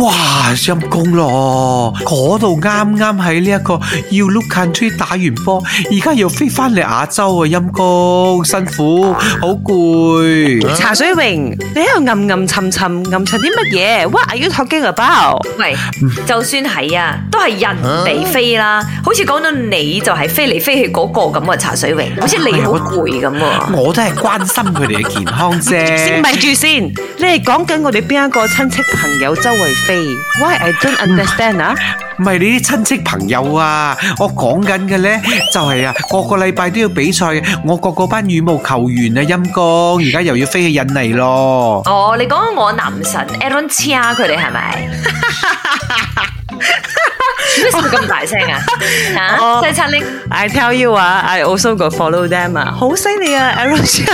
哇，陰公咯！嗰度啱啱喺呢一個要 look into 打完波，而家又飛翻嚟亞洲啊，陰公辛苦，好攰。茶水榮，你喺度暗暗沉沉，暗沉啲乜嘢？What are you talking about？喂，就算係啊，都係人哋飛啦，好似講到你就係飛嚟飛去嗰個咁啊，茶水榮，好似你好攰咁喎。我都係關心佢哋嘅健康啫。先咪住先，你係講緊我哋邊一個親戚朋友周圍？Why I don't understand 啊？唔係你啲親戚朋友啊，我講緊嘅咧就係啊，個個禮拜都要比賽，我個嗰班羽毛球員啊，陰公而家又要飛去印尼咯。哦，你講我男神 Aaron Chia 佢哋係咪？ 做咩咁大聲啊！犀叉啲，I tell you 啊，I also go follow them 啊，好犀利啊！Alexia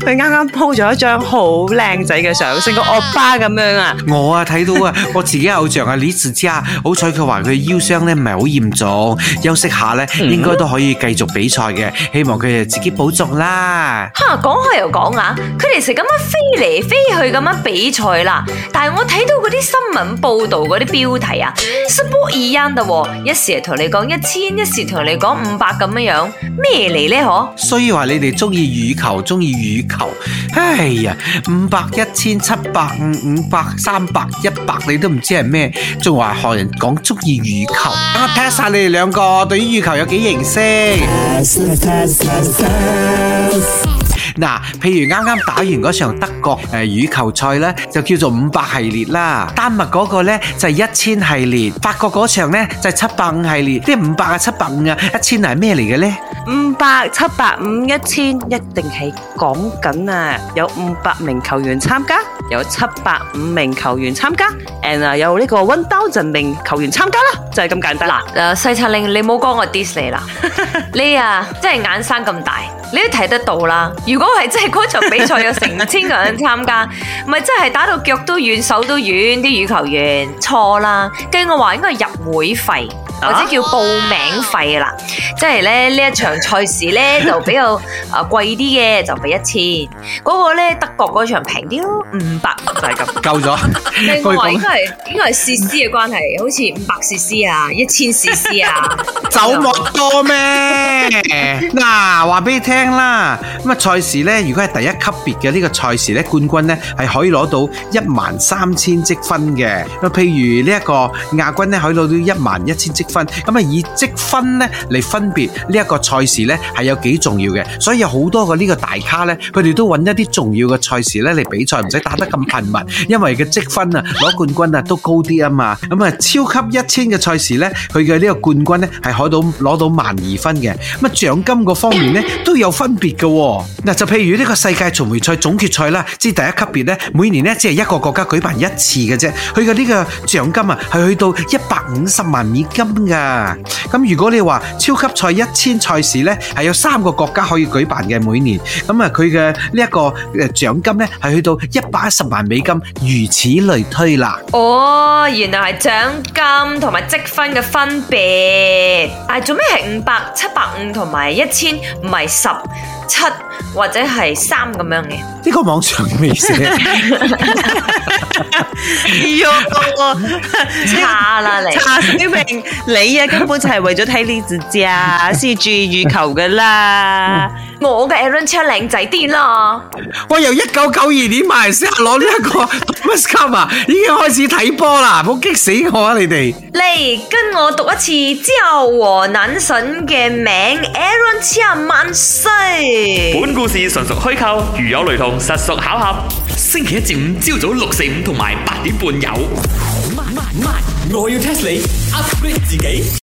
佢啱啱 po 咗一張好靚仔嘅相，成個惡霸咁樣啊！我啊睇到啊， 我自己偶像啊 Lizi 啊。好彩佢話佢腰傷咧唔係好嚴重，休息下咧應該都可以繼續比賽嘅，希望佢哋自己保重啦。吓，講開又講啊，佢哋成日咁樣飛嚟飛去咁樣比賽啦，但係我睇到嗰啲新聞報道嗰啲標題啊 supporti 啊、一時同你講一千，一時同你講五百咁樣樣，咩嚟呢？嗬！所以話你哋中意羽球，中意羽球，哎呀，五百一千七百五，五百三百一百，你都唔知係咩，仲話學人講中意羽球，等我睇下晒你哋兩個對於羽球有幾認識。嗱，譬如啱啱打完嗰場德國誒羽、呃、球賽咧，就叫做五百系列啦。丹麥嗰個咧就係一千系列，法國嗰場咧就係七百五系列。即係五百啊，七百五啊，一千係咩嚟嘅咧？五百、七百五、一千，一定係講緊啊，有五百名球員參加，有七百五名球員參加 a 有呢個 one thousand 名球員參加啦，就係、是、咁簡單。嗱，西擦令，你唔好講我 diss 你啦， 你啊真係眼生咁大，你都睇得到啦。如果嗰係、哦、真係嗰場比賽有成千個人參加，唔係真係打到腳都軟、手都軟啲羽球員，錯啦！跟住我話應該是入會費。或者叫報名費啦，即係咧呢一場賽事咧就比較誒貴啲嘅，就俾一千。嗰個咧德國嗰場平啲咯，五百就係咁夠咗。另外應該係應該係設施嘅關係，好似五百設施啊，一千設施啊，走麥多咩？嗱，話俾你聽啦，咁啊賽事咧，如果係第一級別嘅呢個賽事咧，冠軍咧係可以攞到一萬三千積分嘅。譬如呢一個亞軍咧，可以攞到一萬一千積分。咁以積分咧嚟分別呢一、呢個賽事係有幾重要嘅，所以有好多嘅呢個大咖咧，佢哋都揾一啲重要嘅賽事咧嚟比賽，唔使打得咁頻密，因為嘅積分啊攞冠軍啊都高啲啊嘛。咁、嗯、啊，超級一千嘅賽事咧，佢嘅呢個冠軍咧係可以攞到萬二分嘅，乜獎金嗰方面咧都有分別嘅。嗱，就譬如呢個世界巡回賽總決賽啦，即係第一級別咧，每年咧只係一個國家舉辦一次嘅啫，佢嘅呢個獎金啊係去到一百五十萬美金。咁如果你話超級賽一千賽事咧，係有三個國家可以舉辦嘅，每年，咁啊佢嘅呢一個獎金咧係去到一百一十萬美金，如此類推啦。哦，原來係獎金同埋積分嘅分別，啊，做咩係五百、七百五同埋一千，唔係十？七或者係三咁樣嘅，呢個網上未寫。 哎呀，我差啦你，差水明，你啊根本就係為咗睇呢隻啊，先注意求㗎喇。 嗯我嘅 Aaron Chia 靚仔啲啦，我由一九九二年買先攞呢一個 m a s c a m a 已經開始睇波啦，唔好激死我啊！你哋嚟跟我讀一次之後，和男神嘅名 Aaron Chia 萬歲。本故事純屬虛構，如有雷同，實屬巧合。星期一至五朝早六四五同埋八點半有。My, my, my. 我要 test 你，upgrade 自己。